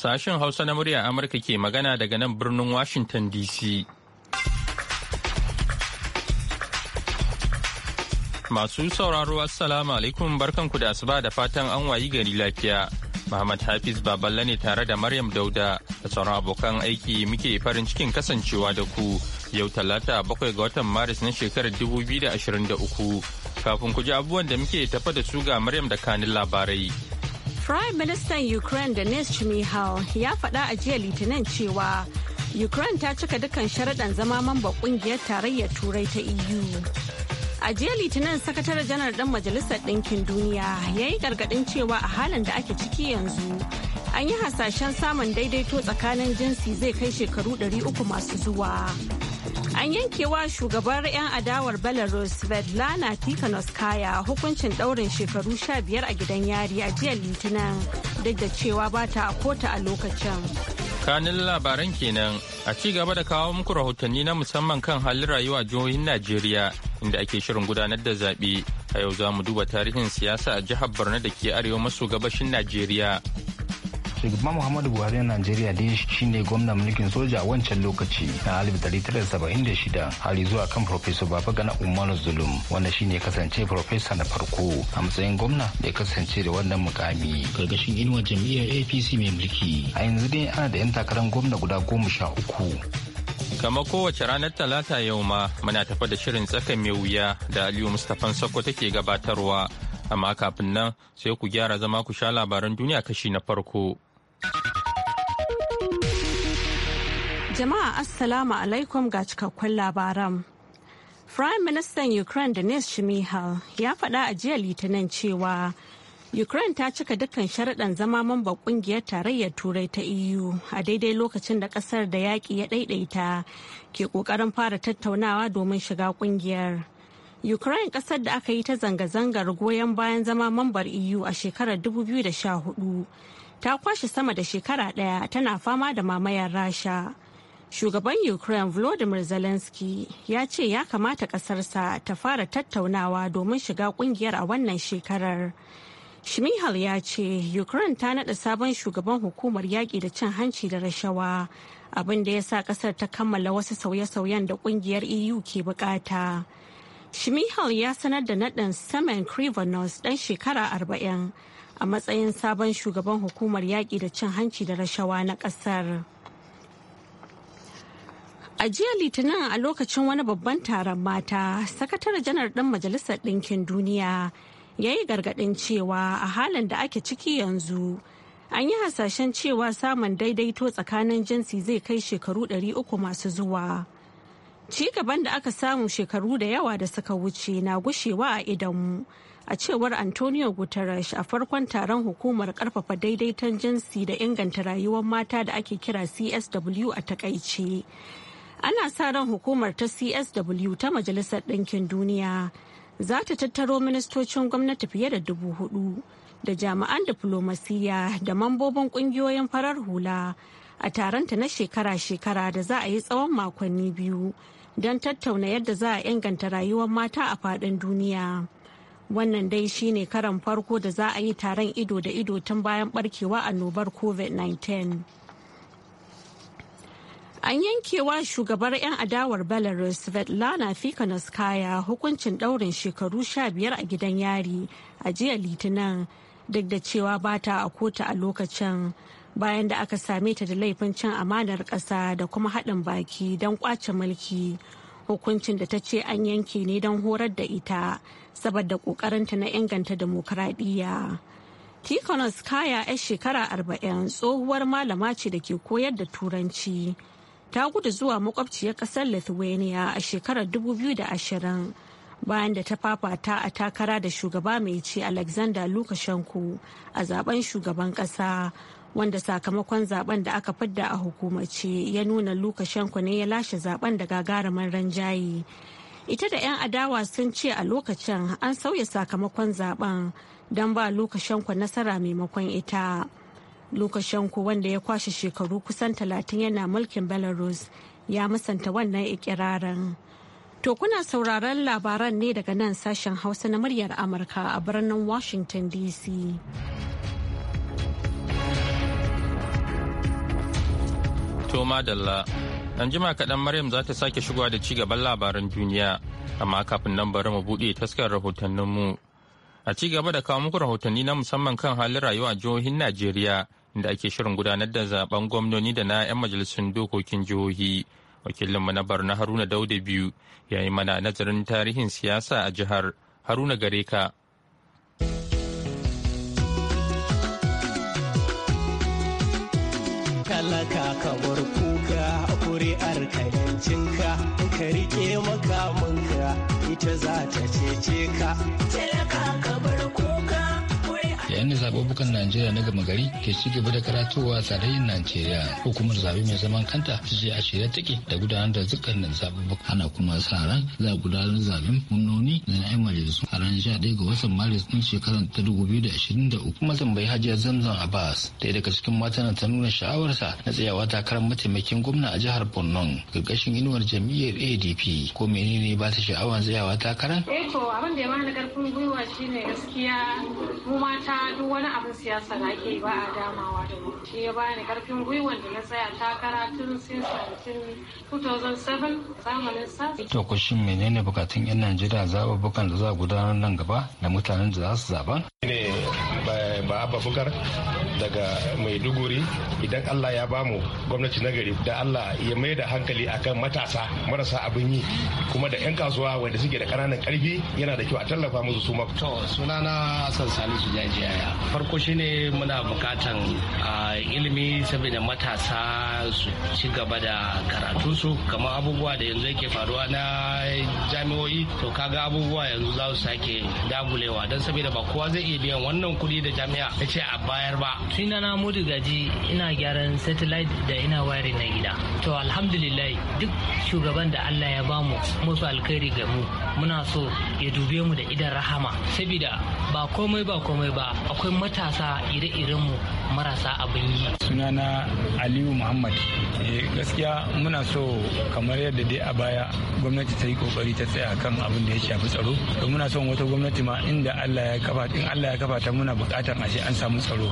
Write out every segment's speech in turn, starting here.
Sashen Hausa na murya Amurka ke magana daga nan birnin Washington DC. Masu sauraro Assalamu alaikum barkanku da asuba da fatan an wayi gari lafiya. Muhammad Hafiz Baballe ne tare da Maryam Dauda da sauran abokan aiki muke farin cikin kasancewa da ku yau talata bakwai ga watan Maris na shekarar 2023. Kafin ku ji abubuwan da muke tafa da su ga Maryam da kanin labarai. Prime Minister Ukraine Denis Chmihal ya faɗa a jiya Litinin cewa Ukraine ta cika dukkan sharaɗan zama mamba ƙungiyar tarayyar Turai ta EU. A jiya Litinin sakataren janar ɗan Majalisar Ɗinkin Duniya ya yi gargaɗin cewa a halin da ake ciki yanzu an yi hasashen samun daidaito tsakanin jinsi zai kai shekaru 300 masu zuwa. An yankewa shugabar 'yan adawar Belarus Svetlana Tikhanovskaya hukuncin daurin shekaru 15 a gidan yari a jiya Litinin duk da cewa ba ta a kota a lokacin. Kanin labaran kenan a ci gaba da kawo muku rahotanni na musamman kan halin rayuwa jihohin Najeriya inda ake shirin gudanar da zaɓe. A yau za mu duba tarihin siyasa a jihar Borno da ke arewa maso gabashin Najeriya. Shugaban Muhammadu Buhari na Najeriya dai shine gwamnan mulkin soja a wancan lokaci na 1976 har zuwa kan Professor Babagana Umaru Zulum wanda shine ya kasance profesa na farko a matsayin gwamna da ya kasance da wannan mukami. Gargashin inuwar jam'iyyar APC mai mulki. A yanzu dai ana da 'yan takarar gwamna guda goma sha uku. Kama kowace ranar Talata yau ma muna tafa da shirin tsakan mai wuya da Aliyu Mustapha Sokko take gabatarwa. Amma kafin nan sai ku gyara zama ku sha labaran duniya kashi na farko. Jama'a Assalamu alaikum ga cikakkun labaran. Prime Minister Ukraine Denis Shmihal ya faɗa a jiya Litinin cewa Ukraine ta cika dukkan sharaɗan zama mamban ƙungiyar tarayyar Turai ta EU a daidai lokacin da ƙasar da yaƙi ya ɗaiɗaita ke ƙoƙarin fara tattaunawa domin shiga ƙungiyar. Ukraine ƙasar da aka yi ta zanga-zangar goyon bayan zama mambar EU a shekarar 2014 ta kwashe sama da shekara ɗaya tana fama da mamayar Rasha. Shugaban Ukraine Volodymyr Zelensky ya ce ya kamata ƙasarsa ta fara tattaunawa domin shiga kungiyar a wannan shekarar. Shmihal ya ce Ukraine ta naɗa sabon shugaban hukumar yaƙi da cin hanci da rashawa abin da ya sa ƙasar ta kammala wasu sauye-sauyen da kungiyar EU ke bukata. Shmihal ya sanar da naɗin Saman Krivonos ɗan shekara arba'in a matsayin sabon shugaban hukumar yaƙi da cin hanci da rashawa na ƙasar. A jiya Litinin a lokacin wani babban taron mata, sakatare janar ɗin Majalisar Ɗinkin Duniya ya yi gargaɗin cewa a halin da ake ciki yanzu, an yi hasashen cewa samun daidaito tsakanin jinsi zai kai shekaru ɗari uku masu zuwa. Ci gaban da aka samu shekaru da yawa da suka wuce na gushewa a idanmu. A cewar Antonio Guterres a farkon taron hukumar karfafa daidaiton jinsi da inganta rayuwar mata da ake kira CSW a takaice. ana sa ran hukumar ta csw ta majalisar ɗinkin duniya za ta tattaro ministocin gwamnati fiye da dubu hudu da jami'an diflomasiyya da mambobin ƙungiyoyin farar hula a taronta na shekara-shekara da za a yi tsawon makonni biyu don tattauna yadda za a inganta rayuwar mata a faɗin duniya wannan dai shine karan farko da za a yi taron ido da ido tun bayan barkewa annobar covid-19 An yankewa shugabar 'yan adawar Belarus Svetlana Fikanaskaya hukuncin ɗaurin shekaru sha biyar a gidan yari a jiya Litinin duk da cewa ba ta a kotu a lokacin bayan da aka same ta da laifin cin amanar ƙasa da kuma haɗin baki don ƙwace mulki. Hukuncin da ta ce an yanke ne don horar da ita saboda ƙoƙarinta na inganta dimokuraɗiyya. Tikonos Kaya 'yar shekara arba'in tsohuwar malama ce da ke koyar da Turanci. ta gudu zuwa makwabciyar kasar lithuania a shekarar 2020 bayan da ta fafata a takara da shugaba mai ci alexander lukashenko a zaben shugaban kasa wanda sakamakon zaben da aka fidda a hukumace ya nuna lukashenko ne ya lashe zaben da gagarumin ranjaye ita da 'yan adawa sun ce a lokacin an sauya sakamakon zaben don ba lukashenko nasara maimakon ita lukashenko wanda ya kwashe shekaru kusan talatin yana mulkin belarus ya musanta wannan ikirarin to kuna sauraron labaran ne daga nan sashen hausa na muryar amurka a birnin washington dc to madalla an jima kaɗan maryam za ta sake shigowa da ci gaban labaran duniya amma kafin nan bari mu buɗe taskar rahotanninmu a ci gaba da kawo muku rahotanni na musamman kan halin rayuwa a jihohin najeriya inda ake shirin gudanar da zaben gwamnoni da na 'yan majalisun dokokin jihohi wakilin wakilinmu na haruna dauda biyu ya yi mana nazarin tarihin siyasa a jihar haruna gare ka talaka ka bar kuka kuri'ar ka yancinka ka makamanka ita za ta cece ka yayin da Najeriya na gama gari ke ci gaba da karatowa a tarayyar Najeriya hukumar zaɓe mai zaman kanta ta je a shirye take da gudanar da dukkanin zaɓuɓɓuka ana kuma sa ran za a gudanar zaɓen gwamnoni da na 'yan majalisu a ranar 11 ga watan Maris ɗin shekarar ta 2023 kuma tambayi Hajiya Zamzam Abbas ɗaya daga cikin matan ta nuna sha'awarsa na tsayawa takarar mataimakin gwamna a jihar Borno ƙarƙashin inuwar jam'iyyar ADP ko menene ba ta sha'awar tsayawa takarar? Eh to abin da ya mana karfin gwiwa shine gaskiya mu mata duk wani abin siyasa da ake ba a damawa da mu shi ya bani karfin gwiwan da na tsaya takara tun since 2007 zamanin sassa to ko shin menene bukatun yan najeriya zaɓuɓɓukan da za gudanar nan gaba da mutanen da za su zaba. ba abubakar daga maiduguri idan allah ya bamu gwamnati nagari da allah ya mai da hankali akan matasa marasa abin yi kuma da 'yan kasuwa wanda suke da ƙananan ƙarfi yana da kyau a tallafa musu su to sunana hassan salisu jajiyaya farko shine muna bukatan ilimi saboda matasa su ci gaba da su kamar abubuwa da yanzu yake faruwa na jami'o'i to kaga abubuwa yanzu za su sake dagulewa don saboda ba kowa zai iya biyan wannan kuɗi da jami'a ta ce a bayar ba sunana na mudu gaji ina gyaran satellite da ina wayar na gida to alhamdulillah duk shugaban da allah ya bamu musu alkhairi ga mu muna so ya dube mu da idan rahama saboda ba komai ba komai ba akwai matasa ire-iren mu marasa abin yi sunana aliyu muhammad eh, gaskiya muna so kamar yadda dai a baya gwamnati ta yi kokari ta tsaya kan abin da ya shafi tsaro to muna son wata gwamnati ma inda allah ya kafa in allah ya kafa ta muna bukatar a ce an samu tsaro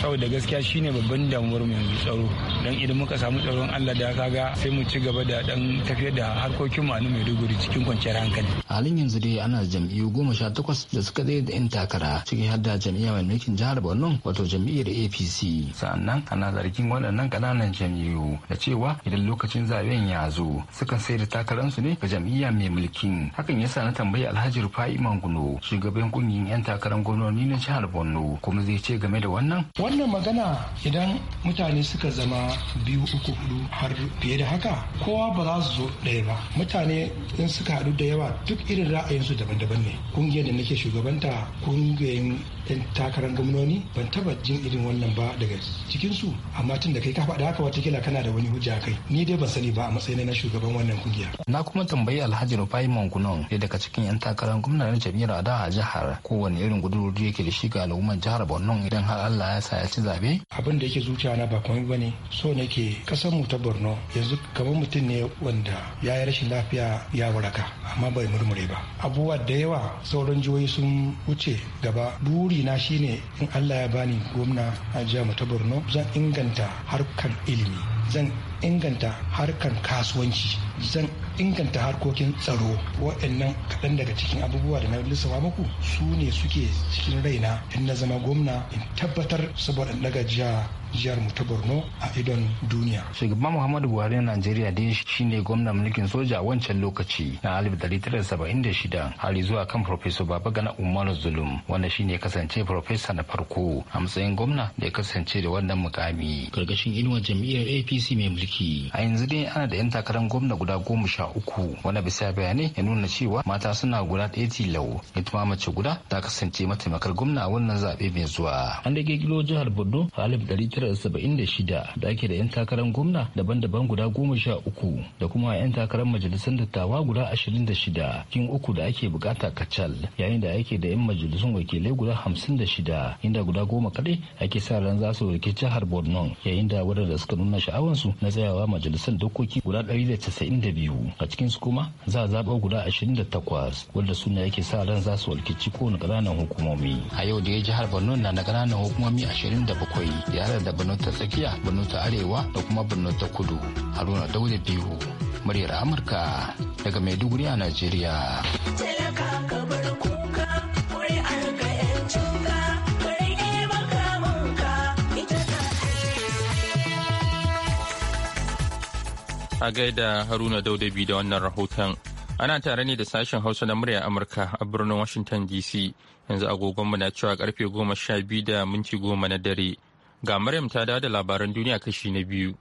saboda gaskiya shine babban damuwar mu yanzu tsaro dan idan muka samu tsaron Allah da kaga sai mu ci gaba da dan tafiyar da harkokin mu a Maiduguri cikin kwanciyar hankali halin yanzu dai ana jam'iyyu goma sha takwas da suka zai da yan takara cikin hadda da mai mulkin jihar Borno wato jam'iyyar APC sannan ana zargin waɗannan kananan jam'iyyu da cewa idan lokacin zaben ya zo sukan sai da su ne ga jam'iyya mai mulkin hakan yasa na tambayi Alhaji Rufai Mangulo shugaban kungiyar yan takarar gwamnoni na jihar Borno Olu zai ce game da wannan? Wannan magana idan mutane suka zama biyu uku hudu har fiye da haka kowa ba za su zo ɗaya ba. Mutane in suka haɗu da yawa duk irin ra'ayinsu daban-daban ne. Kungiyar da nake shugabanta kungiyar 'yan takarar gwamnoni ban taba jin irin wannan ba daga cikinsu amma tun da kai ka faɗa haka watakila kana da wani hujja kai ni dai ban sani ba a matsayin na shugaban wannan kungiya. na kuma tambayi alhaji rufai gunon da daga cikin 'yan takarar gwamna na ada a jihar kowane irin gudurori yake da shi ga al'ummar jihar jihar borno idan har allah ya sa ya ci zabe abin da yake zuciya na ba komai bane so nake kasan mu ta borno yanzu kamar mutum ne wanda ya yi rashin lafiya ya waraka amma bai murmure ba abubuwa da yawa sauran jihohi sun wuce gaba buri na shine in allah ya bani gwamna a jihar mu ta borno zan inganta harkan ilimi zan inganta harkar kasuwanci zan inganta harkokin tsaro waɗannan kaɗan daga cikin abubuwa da na lissafa muku su ne suke cikin raina in na zama gwamna in tabbatar saboda daga jiya jihar mu ta borno a idon duniya shugaban muhammadu buhari na najeriya dai ne gwamnan mulkin soja a wancan lokaci na 1976 har zuwa kan professor Gana Umaru zulum wanda shine kasance profesa na farko a matsayin gwamna da ya kasance da wannan mukami Gargashin inuwar jam'iyyar apc mai mulki a yanzu dai ana da yan takarar gwamna guda goma sha uku wanda bisa bayanai ya nuna cewa mata suna guda ɗaya tilau ita ma mace guda ta kasance mataimakar gwamna a wannan zaɓe mai zuwa an da kilo jihar borno a 976 da ake da 'yan takarar gwamna daban-daban guda goma sha uku da kuma 'yan takarar majalisar dattawa guda 26 kin uku da ake bukata kacal yayin da ake da 'yan majalisun wakilai guda 56 inda guda goma kadai ake sa ran za su rikici jihar borno yayin da wadanda suka nuna sha'awansu na tsayawa majalisar dokoki guda 192 a cikinsu kuma za a zaɓa guda 28 wadda suna yake sa ran za su walkici kowane ƙananan hukumomi a yau da ya jihar borno na da ƙananan hukumomi 27 yare da birnin ta tsakiya birnin ta arewa da kuma birnin ta kudu Haruna Dauda biyu muryar Amurka daga Maiduguri a Najeriya. A gaida Haruna biyu da wannan rahoton. Ana tare ne da sashen Hausa na murya Amurka a birnin Washington DC. Yanzu agogonmu na cewa karfe goma sha biyu da minti goma na dare. Ga Maryam ta dawo da labaran duniya kashi na biyu.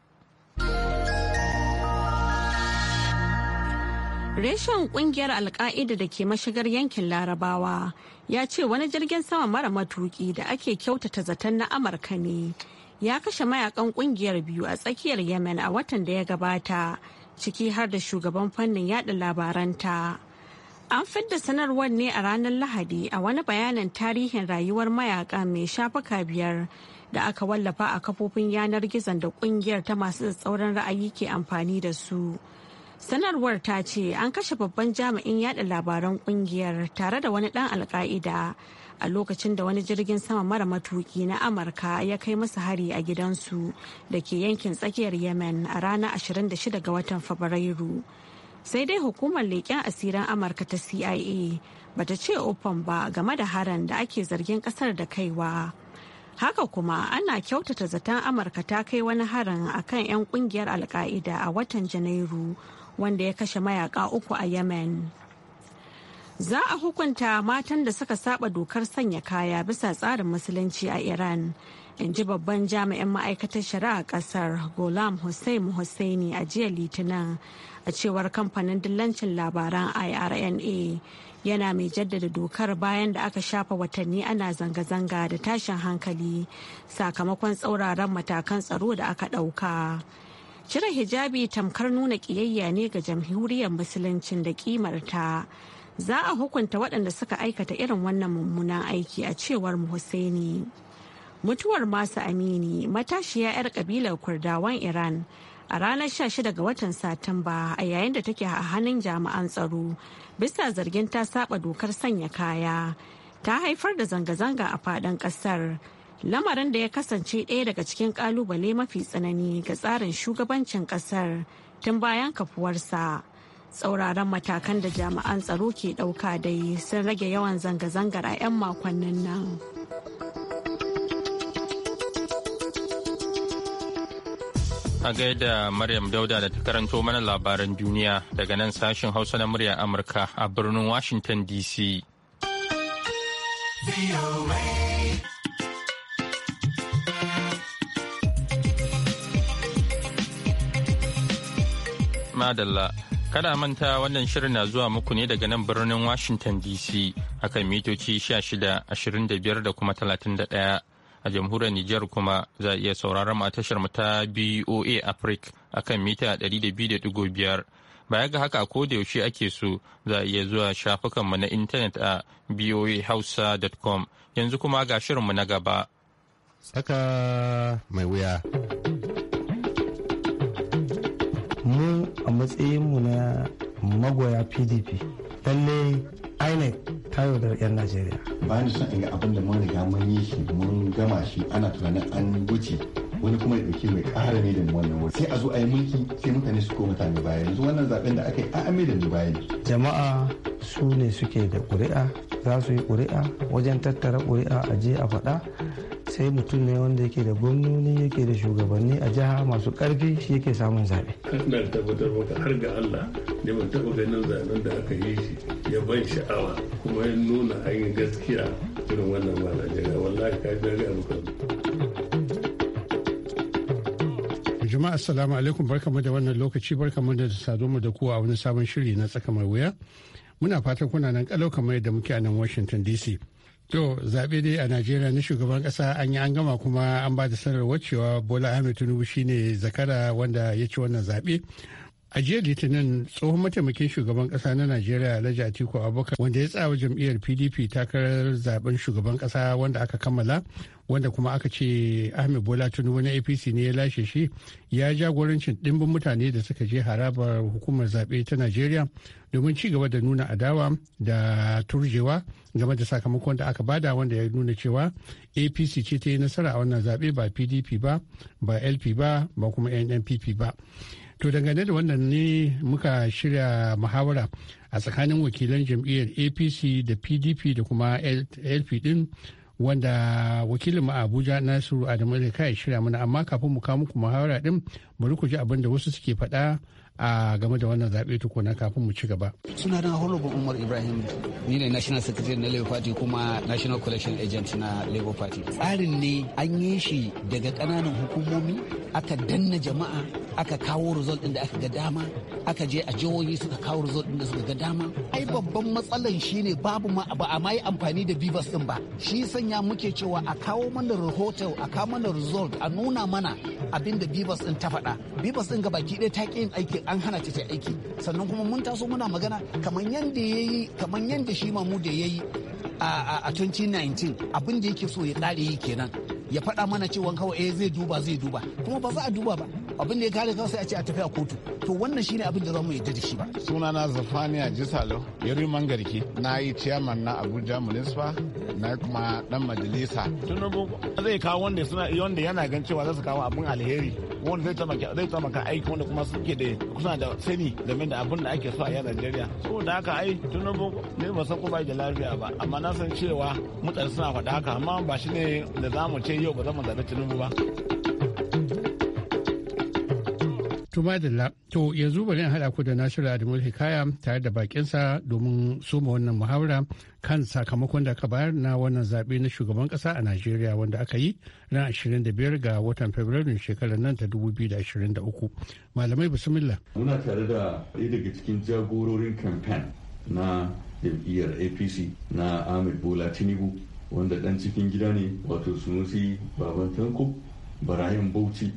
Reshen kungiyar Alka'ida da ke mashigar yankin Larabawa ya ce wani jirgin sama mara matuki da ake kyautata zaton na Amurka ne ya kashe mayakan kungiyar biyu a tsakiyar Yemen a watan da ya gabata ciki har da shugaban fannin yada labaranta. An fidda sanarwar ne a ranar Lahadi a wani bayanin tarihin rayuwar mayaka mai shafuka biyar da aka wallafa a kafofin yanar gizon da kungiyar ta masu tsauran ra'ayi ke amfani da su. sanarwar ta ce an kashe babban jami'in yada labaran kungiyar tare da wani dan alka'ida a lokacin da wani jirgin sama mara matuki na amurka ya kai masa hari a gidansu da ke yankin tsakiyar yemen a ranar 26 ga watan fabrairu sai dai hukumar leƙen asirin amurka ta cia bata ce open ba game da haran da ake zargin kasar da kaiwa Haka kuma ana kyautata zaton Amurka ta kai wani harin a kan 'yan kungiyar Alka'ida a watan Janairu wanda ya kashe mayaka uku a Yemen. Za a hukunta matan da suka saba dokar sanya kaya bisa tsarin musulunci a Iran. in ji babban jami'in ma'aikatar shari'a kasar golam hussein hussaini a jiya litinin a cewar kamfanin dillancin labaran irna yana mai jaddada dokar bayan da aka shafa watanni ana zanga-zanga da tashin hankali sakamakon tsauraran matakan tsaro da aka ɗauka. Cire hijabi tamkar nuna ƙiyayya ne ga jamhuriyar Musulunci da ƙimarta. Za a hukunta waɗanda suka aikata irin wannan mummunan aiki a cewar Hussaini. Mutuwar masu amini matashiya 'yar ƙabilar Kurdawan Iran a ranar 16 ga watan Satumba a yayin da take a hannun jami'an tsaro bisa zargin ta saba dokar sanya kaya ta haifar da zanga-zanga a fadin kasar lamarin da ya kasance ɗaya daga cikin kalubale mafi tsanani ga tsarin shugabancin kasar tun bayan kafuwarsa tsauraran matakan da jami'an tsaro ke ɗauka dai sun rage yawan zanga-zangar a 'yan makonnin nan. A gaida Maryam Dauda da ta karanto mana labaran duniya daga nan sashen Hausa na muryar Amurka a birnin Washington DC. Madalla Kada manta wannan shirin na zuwa muku ne daga nan birnin Washington DC akan mitoci 16, 25 da kuma 31. a jamhuriyar Nijar kuma za a iya sauraron mu a tashar mu ta BOA Africa akan mita 200.5 baya ga haka ko da yaushe ake so za a iya zuwa shafukan mu na intanet a boahausa.com yanzu kuma ga shirin mu na gaba tsaka mai wuya mu a matsayin mu na magoya PDP lalle inec ta wadda 'yan najeriya bayan son in ga abin da mun riga mun yi shi mun gama shi ana tunanin an wuce wani kuma ya dauki mai ƙara ne da wannan wuri sai a zo a yi mulki sai mutane su koma mutane baya yanzu wannan zaben da aka yi an mai da mu baya jama'a su ne suke da ƙuri'a za su yi ƙuri'a wajen tattara ƙuri'a a je a faɗa sai mutum ne wanda yake da gwamnoni yake da shugabanni a jiha masu ƙarfi shi yake samun zaɓe. tabbatar maka har ga Allah ne ban taɓa ganin zanen da aka yi shi ya ban sha'awa kuma ya nuna hanyar gaskiya irin wannan ba Najeriya wallahi ka ga muka jama'a assalamu alaikum barkamu da wannan lokaci barkamu da sadu mu da ku a wani sabon shiri na tsaka mai wuya muna fatan kuna nan kalau kamar yadda muke a nan Washington DC To zaɓe dai a Najeriya na shugaban ƙasa an yi an gama kuma an ba da sanarwar cewa Bola Ahmed Tinubu shine zakara wanda ya ci wannan zaɓe a jiya litinin tsohon mataimakin shugaban kasa na najeriya alhaji atiku abubakar wanda ya tsawa jam'iyyar pdp takarar zaben shugaban kasa wanda aka kammala wanda kuma aka ce ahmed bola tinubu na apc ne ya lashe shi ya jagorancin dimbin mutane da suka je harabar hukumar zaɓe ta najeriya domin ci gaba da nuna adawa da turjewa game da sakamakon da aka bada wanda ya nuna cewa apc ce ta yi nasara a wannan zaɓe ba pdp ba ba lp ba ba kuma nnpp ba To dangane da wannan ne muka shirya muhawara a tsakanin wakilan jam'iyyar APC da PDP da kuma LP din wanda wakilin a Abuja Nasiru Adamu zai kai shirya mana amma kafin mu kawo muku muhawara din bari ku ji abin da wasu suke faɗa a game da wannan zaɓe tukuna kafin mu ci gaba. Suna na Holobo Umar Ibrahim ni ne National Secretary na Labour Party kuma National Collection Agent na Labour Party. Tsarin ne an yi shi daga ƙananan hukumomi aka danna jama'a aka kawo result ɗin da aka ga dama aka je a jihohi suka kawo result ɗin da suka ga dama. Ai babban matsalan shi ne babu ma ba a mayi amfani da bibas ɗin ba. Shi sanya muke cewa a kawo mana rahoto a kawo mana result a nuna mana abin da bivas ɗin ta faɗa. bibas ɗin ga baki ɗaya ta ƙi yin aikin an hana ta aiki sannan kuma mun taso muna magana kamar yadda ya yi kamar yadda shi mamu da ya yi a 2019 abin da yake so ya dare yi kenan ya faɗa mana cewa kawai eh, zai duba zai duba kuma ba za a duba ba abin da ya kare kawai sai a ce a tafi a kotu to wannan shine abin da za mu yadda da shi ba sunana zafaniya jisalo yariman garki na yi ciyaman na abuja municipal na kuma dan majalisa tunubu zai kawo wanda suna wanda yana gan cewa za su kawo abin alheri Wani zai taimaka zai taimaka aiki wanda kuma suke da kusa da sani game da abin da ake so a yi a Najeriya da haka ai tunubu ne ba san ko bai da lafiya ba amma na san cewa mutane suna faɗa haka amma ba shi ne da zamu ce yau ba za mu zaɓi tunubu ba. Tuma da to yanzu bari in haɗa ku da Nasiru Adamu Hikaya tare da bakinsa domin soma wannan muhawara kan sakamakon da aka bayar na wannan zaɓe na shugaban ƙasa a Najeriya wanda aka yi ran 25 ga watan Fabrairun shekarar nan ta 2023. Malamai bismillah. Muna tare da ɗaya daga cikin jagororin kamfen na jam'iyyar APC na Ahmed Bola Tinubu wanda ɗan cikin gida ne wato Sunusi Baban Tanko Barayin Bauchi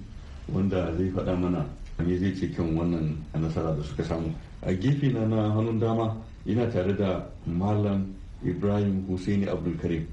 wanda zai faɗa mana ne zai ce kyan wannan nasara da suka samu a gefe na na hannun dama ina tare da malam ibrahim hussaini abdulkarim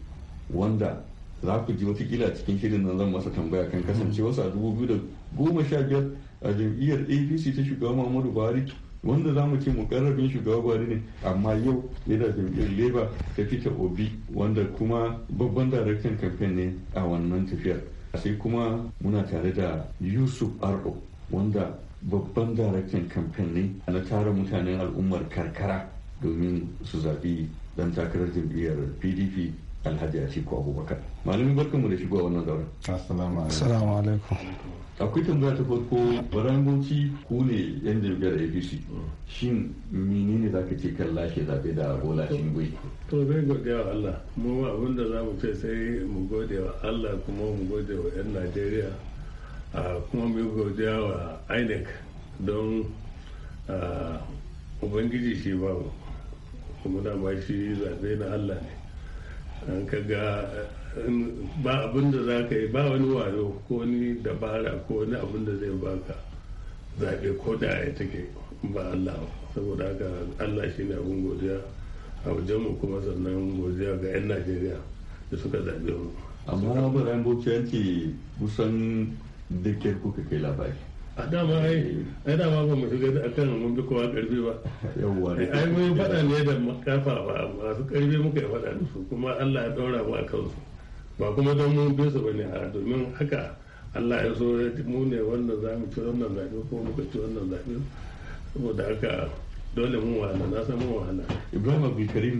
wanda za ku ji watakila cikin shirin nan zan masa tambaya kan kasancewarsa a dubu biyu da goma sha biyar a jam'iyyar apc ta shugaba muhammadu buhari wanda za mu ce mukarrabin shugaba buhari ne amma yau yana jam'iyyar labour ta fita obi wanda kuma babban daraktan kamfen ne a wannan tafiyar sai kuma muna tare da yusuf aro. wanda babban daraktan kamfen ne na tara mutanen al'ummar karkara domin su zaɓi dan takarar jam'iyyar pdp alhaji atiku abubakar malamin mu da shigowa wannan zauren assalamu alaikum akwai tambaya ta farko baran bauchi ku ne yan jam'iyyar apc shin menene za ka ce kan lashe zaɓe da bola shingwe to zai godiya wa allah mu abin da za mu ce sai mu gode wa allah kuma mu gode wa yan najeriya kuma mai godiya wa inec don ubangiji shi ba kuma ba shi zaɓe na allah ne an ga ba abinda za ka yi ba wani wayo ko wani dabara ko wani abinda zai zai baka zaɓe ko da ya take ba allah saboda haka allah shi ne abin godiya a wajenmu kuma sannan godiya ga 'yan najeriya da suka zaɓe mu amma bayan bokiyanci kusan duk kuka kai labari a dama ai ai dama ba mu shiga kan mun bi kowa karfi ba yawwa ne ai mun fada ne da kafafa masu karfi muka yi fada da su kuma Allah ya daura mu akan su ba kuma don mun bi su bane a domin haka Allah ya so mu ne wanda za mu ci wannan zaɓe ko muka ci wannan zaɓe saboda haka dole mun wahala na san mun wahala Ibrahim Abdulkarim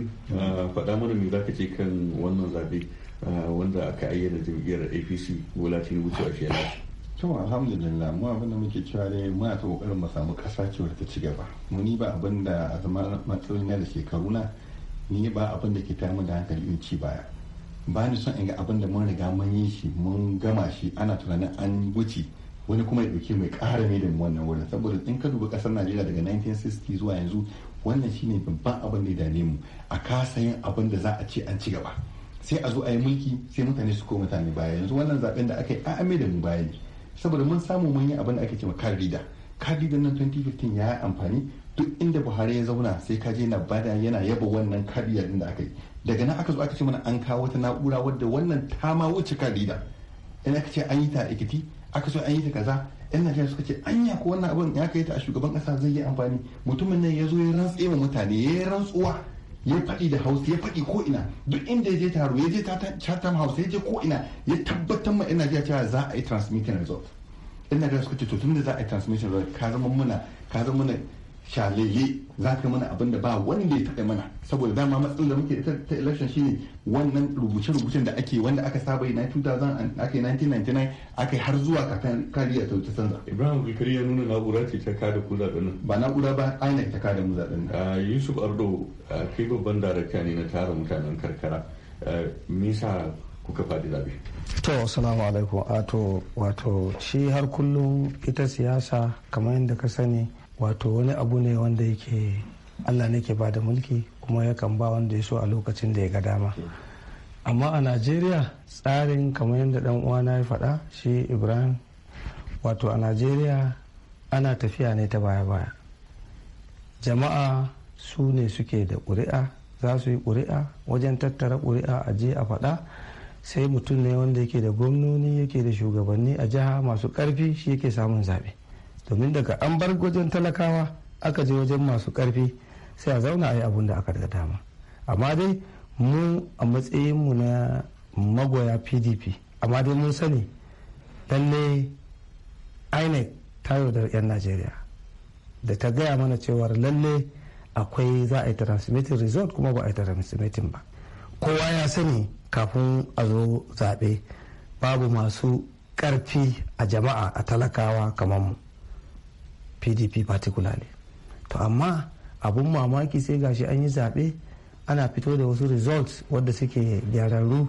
fada mana me zaka ce kan wannan zaɓe wanda aka ayyana jam'iyyar APC wala Tinubu cewa shi ya to alhamdulillah mu abin da muke cewa dai muna ta kokarin mu samu kasa ce ta ci gaba mu ni ba abin da a zama matsalolin da shekaru na ni ba abin da ke mu da hankali in ci baya ba ni son in ga abin da mun riga mun yi shi mun gama shi ana tunanin an wuce wani kuma ya dauke mai ƙara mai da mu wannan wurin saboda in ka duba kasar Najeriya daga 1960 zuwa yanzu wannan shine babban abin da ya dame mu a kasa yin abin da za a ce an ci gaba sai a zo a yi mulki sai mutane su ko mutane baya yanzu wannan zaben da aka yi a da mu baya ne saboda mun samu mun yi abin da ake cewa kan rida card rida nan 2015 ya amfani duk inda buhari ya zauna sai ka je na bada yana yaba wannan card din da aka yi daga nan aka zo aka ce mana an kawo wata na'ura wadda wannan ta ma wuce kan rida in ka ce an yi ta a ikiti aka so an yi ta kaza yan najeriya suka ce anya ko wannan abin ya kai ta a shugaban kasa zai yi amfani mutumin nan ya zo ya rantse ma mutane ya yi rantsuwa ya faɗi da hausa ya faɗi ko ina duk inda ya je taro ya je chatham house ya je ko ina ya tabbatar ma ina cewa za a yi transmitting result ina da suka ce to tun da za a yi transmitting result ka zama muna ka zama muna shalele za ka mana abin da ba wanda ya taɓa mana saboda dama matsalar da muke ta election shine wannan rubuce-rubucen da ake wanda aka saba na 2000 aka 1999 aka har zuwa kafin kariya ta wuce sanza ibrahim bikari ya nuna na'ura ce ta kada ku zaɓen nan ba na'ura ba aina ta kada mu zaɓen nan ah, yusuf ardo ah, kai babban darakta ne na tara mutanen karkara ah, me yasa kuka faɗi zaɓe to assalamu alaikum wato shi har kullum ita siyasa kamar yadda ka sani wato wani abu ne wanda yake allah ne ke ba da mulki kuma yakan ba wanda ya so a lokacin da ya ga dama amma a najeriya tsarin kamar yadda dan uwana ya faɗa shi ibrahim wato a najeriya ana tafiya ne ta baya-baya jama'a su ne suke da ƙuri'a za su yi ƙuri'a wajen tattara ƙuri'a a je a faɗa sai mutum ne wanda yake da gwamnoni yake da shugabanni a jiha masu ƙarfi shi yake samun zaɓe domin daga an bar wajen talakawa aka je wajen masu karfi sai a zauna a yi abun da aka da dama amma dai mu a matsayinmu na magoya pdp amma dai mun sani lalle inec ta yaudar 'yan najeriya da ta gaya mana cewar lalle akwai za a yi transmitting result kuma ba a yi transmitting ba kowa ya sani kafin a zo zaɓe babu masu ƙarfi a jama'a a talakawa kamar mu pdp particularly to amma abun mamaki sai gashi an yi zaɓe ana fito da wasu results wadda suke gyararru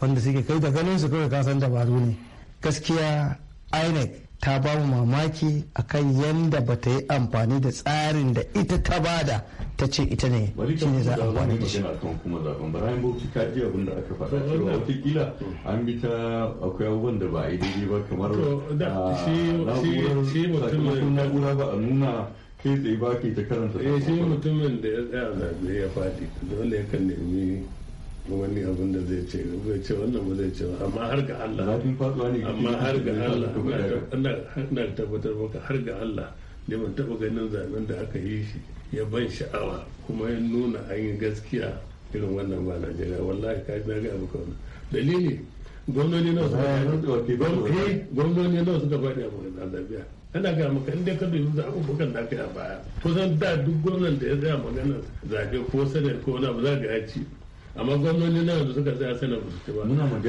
wanda suke kai da ganin su kawai kasan dabaru ne gaskiya inec ta ba mu mamaki akan yadda ba ta yi amfani da tsarin da ita ta bada ta ce ita ne shi ne za a amfani da shi. kan kuma zaben Brian Bauchi ka ji abin da aka faɗa cewa wataƙila an bi ta akwai abubuwan da ba a yi daidai ba kamar ah, na'urar na'ura ba a nuna kai tsaye ba ke ta karanta. Eh shi mutumin da ya tsaya zaɓe ya faɗi dole yakan nemi wani abin da zai ce zai ce wannan ba zai ce amma har ga Allah amma har ga Allah ina tabbatar maka har ga Allah da ban taba ganin zanen da aka yi shi ya ban sha'awa kuma ya nuna an yi gaskiya irin wannan ba najeriya wallahi ka na ga abu kawai dalili gwamnoni nawa suka faɗi a maganar zabiya ana ga maka inda ka dubi zaɓuɓɓukan da aka yi a baya zan da duk gwamnan da ya zaya maganar zafe ko sanar ko wani abu za ga ya ci amma gwamnoni nawa da suka zaya sanar ba su ci ba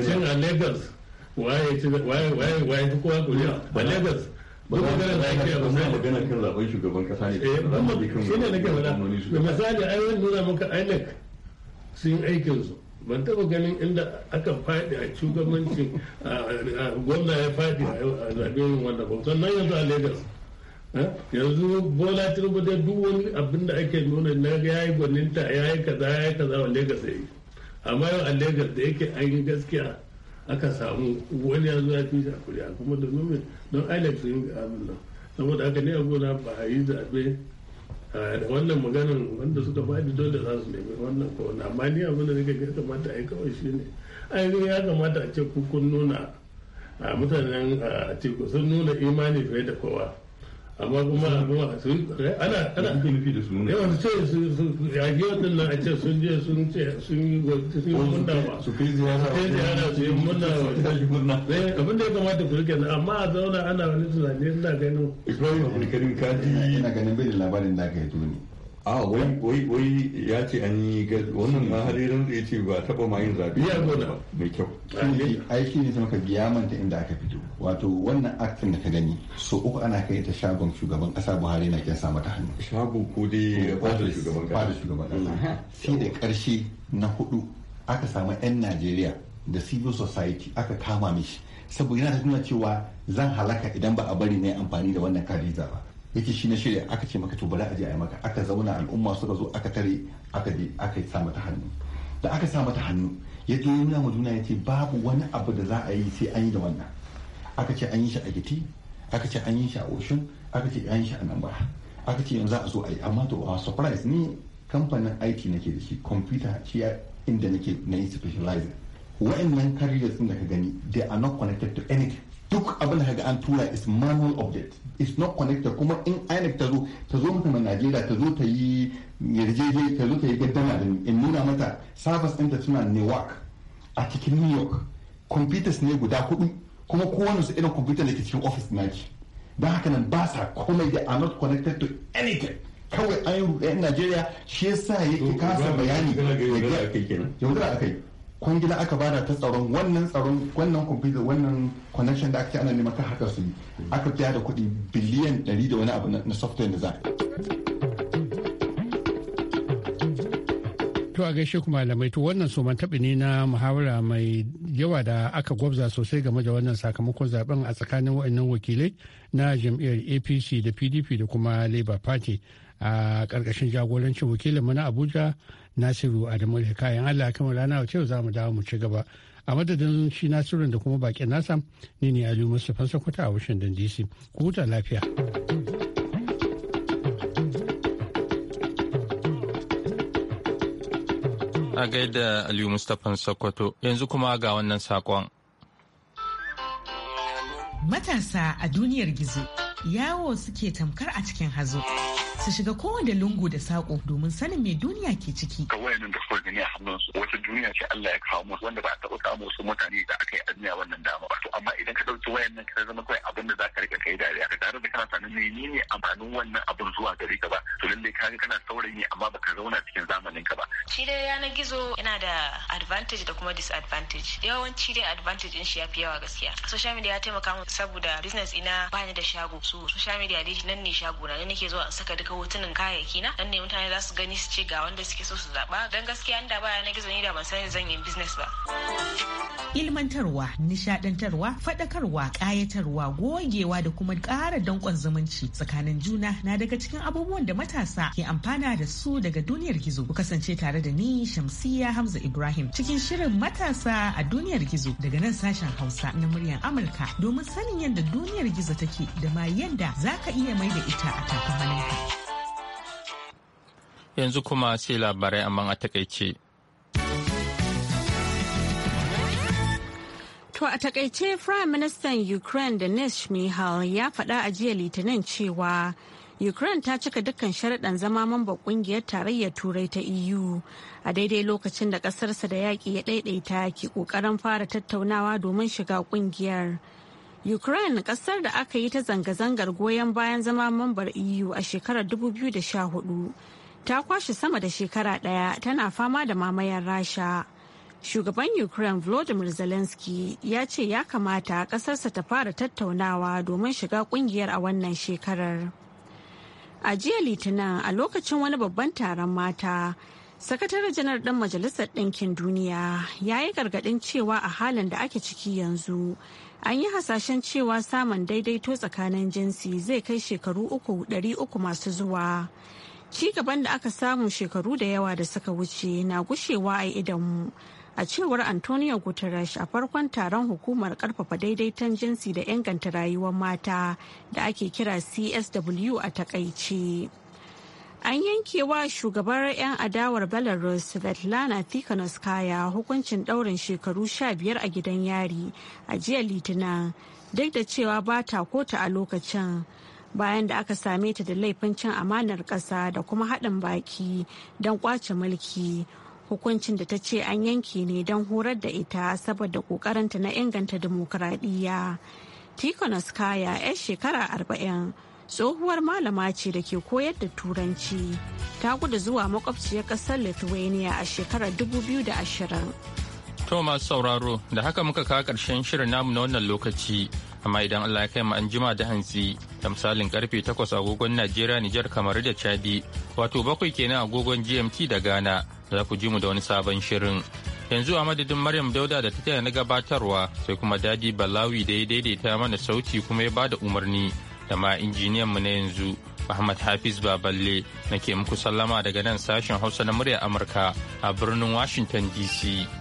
shin a lagos waye waye waye waye kowa kuliya ba lagos ba za mu magana kan zaben shugaban kasa ne eh ba shi ne nake faɗa misali ai wani nuna maka INEC sun yi aikin su ban taɓa ganin inda aka faɗi a shugabancin gwamna ya faɗi a zaɓen wanda ba sannan yanzu a Lagos eh, yanzu bola tinubu dai duk wani abin da ake nuna na ya yi gwaninta ya yi kaza ya yi kaza wa Lagos ya yi amma yau a Lagos da yake an yi gaskiya aka samu wani yanzu ya fi a kuri'a kuma domin mai don alex yin abin nan saboda haka ne a gona ba a yi zaɓe da wannan maganan wanda suka faɗi dole za su nemi wannan ko na amma ni abin da nake ya kamata a yi kawai shi ne ainihin ya kamata a ce kukun nuna a mutanen a teku sun nuna imani fiye da kowa amma kuma kuma su eh, ana ana kuke nufi da su ne yawan ce su yage waɗannan a ce sun je sun ce sun yi sun yi murna ba su fi ziyara su fi ziyara su yi murna ba ne eh, abin da ya kamata ku rike amma a zauna ana wani tunani ina ganin Ibrahim Abdulkarim ka ji ina ganin bai da labarin da aka yi tuni a ah, wai wai wai ya ce an yi wannan ma har yaran ya ce ba taba ma yin zabi ya zo da mai kyau aiki ne maka biya manta inda aka fito wato wannan aktin da ka gani so uku ana kai ta shagon shugaban kasa Buhari na kyan sa mata hannu shago ko dai fadar shugaban kasa fadar shugaban kasa sai mm. da karshe na hudu aka samu yan Najeriya da civil society aka kama mishi saboda yana ta nuna cewa zan halaka idan ba a bari na amfani da wannan kariza ba yake shi na shirya aka ce maka to bala a a maka aka zauna al'umma suka zo aka tare aka je aka sa mata hannu da aka sa mata hannu ya je nuna ma juna ce babu wani abu da za a yi sai an yi da wannan aka ce an yi shi a giti aka ce an yi shi a ocean aka ce an yi shi a nan ba aka ce yanzu za a zo a yi amma to a ah, surprise ni kamfanin aiki nake da shi computer shi inda nake na yi specializing wa'annan careers din da ka gani they are not connected to anything duk abin da an tura is manual object is not connected kuma in INEC ta zo ta zo Najeriya ta zo ta yi yarjeje ta zo ta yi gaddama in nuna mata service ɗinta suna Newark a cikin New York computers ne guda hudu kuma kowane su irin computer da ke cikin office naki don haka nan ba sa komai da are not connected to anything kawai an yi Najeriya shi yasa yake kasa bayani da a kai kwangila aka bada ta tsaron wannan tsaron wannan computer wannan connection da ake ana neman kan haka su yi aka fiya da kuɗi biliyan 100 da wani abu na software da za To a gaishe ku malamai to wannan su tabi ne na muhawara mai yawa da aka gwabza sosai game da wannan sakamakon zaben a tsakanin wa'annan wakilai na jam'iyyar APC da PDP da kuma Labour Party a ƙarƙashin jagorancin wakilin mu na Abuja nasiru adamu kayan allah kamar rana wacce za mu dawo mu ci gaba a madadin shi nasirun da kuma bakin nasa ni ne aliyu mustapha sokoto a washington dc ku huta lafiya a gaida aliyu mustapha sokoto yanzu kuma ga wannan sakon matasa a duniyar gizo yawo suke tamkar a cikin hazo su shiga kowane lungu da sako domin sanin mai duniya ke ciki. ka wayannan da suka gani a hannunsu wata duniya ce Allah ya kawo musu wanda ba a taɓa samu wasu mutane da aka yi duniya wannan dama ba. To amma idan ka ɗauki wayannan ka zama kawai abin da za ka riƙa kai dariya ka tare da kana sanin menene amfanin wannan abin zuwa gari ka ba. To lallai ka ga kana saurayi amma ba ka zauna cikin zamanin ka ba. Shi dai yanar gizo yana da advantage da kuma disadvantage. Yawanci dai advantage in shi ya fi yawa gaskiya. Social media ya taimaka mu saboda business ina bani da shago. So social media dai nan ne shago na ne nake zuwa saka duka hotunan kayayyaki na dan ne mutane za su gani su ce ga wanda suke so su zaba dan gaskiya inda baya na gizo ni da ban san zan yi business ba ilmantarwa nishadantarwa fadakarwa kayatarwa gogewa da kuma ƙara dankon zumunci tsakanin juna na daga cikin abubuwan da matasa ke amfana da su daga duniyar gizo ku kasance tare da ni shamsiya hamza ibrahim cikin shirin matasa a duniyar gizo daga nan sashen hausa na muryar amurka domin sanin yadda duniyar gizo take da ma yadda za ka iya mai da ita a takwamaninka. yanzu kuma sai labarai amma a takaice. To a takaice Prime Minister Ukraine Denis Mihal ya faɗa a jiya Litinin cewa Ukraine ta cika dukkan sharaɗan zama mamba ƙungiyar tarayyar Turai ta EU a daidai lokacin da ƙasarsa da yaƙi ya ɗaiɗaita ke ƙoƙarin fara tattaunawa domin shiga ƙungiyar. Ukraine ƙasar da aka yi ta zanga-zangar goyon bayan zama mambar EU a shekarar 2014 ta kwashe sama da shekara ɗaya tana fama da mamayar rasha shugaban ukraine volodymyr zelensky ya ce ya kamata ƙasarsa ta fara tattaunawa domin shiga ƙungiyar a wannan shekarar a jiya litinin a lokacin wani babban taron mata sakataren janar ɗin majalisar ɗinkin duniya ya yi gargaɗin cewa a halin da ake ciki yanzu an yi hasashen cewa samun daidaito tsakanin jinsi zai kai shekaru uku uku masu zuwa Ci gaban da aka samu shekaru da yawa da suka wuce na gushewa a idanmu. A cewar Antonio Guterres a farkon taron hukumar karfafa daidaiton jinsi da inganta rayuwar mata da ake kira CSW a takaice. An yankewa shugabar 'yan adawar Belarus Svetlana Tikhanovskaya hukuncin daurin shekaru 15 a gidan yari a jiya Litinin duk da cewa ba ta kota a lokacin. bayan da aka same ta da laifin cin amanar ƙasa da kuma haɗin baki don ƙwace mulki hukuncin da ta ce an yanke ne don horar da ita saboda ƙoƙarinta na inganta dimokuraɗiyya. Tikonos Kaya 'yar shekara arba'in. tsohuwar malama ce da ke koyar da turanci ta gudu zuwa makwabciyar ƙasar lithuania a shekarar dubu biyu 2020 to masu sauraro da haka muka kawo ƙarshen shirin namu na wannan lokaci amma idan Allah ya kai mu an da hantsi da misalin karfe 8 agogon Najeriya Nijar kamar da Chadi wato bakwai kenan agogon GMT da Ghana za ku ji mu da wani sabon shirin yanzu a madadin Maryam Dauda da ta taya na gabatarwa sai kuma Dadi Balawi da ya daidaita mana sauti kuma ya bada umarni da ma injiniyan mu na yanzu Ahmad Hafiz Baballe nake muku sallama daga nan sashen Hausa na murya Amurka a birnin Washington DC.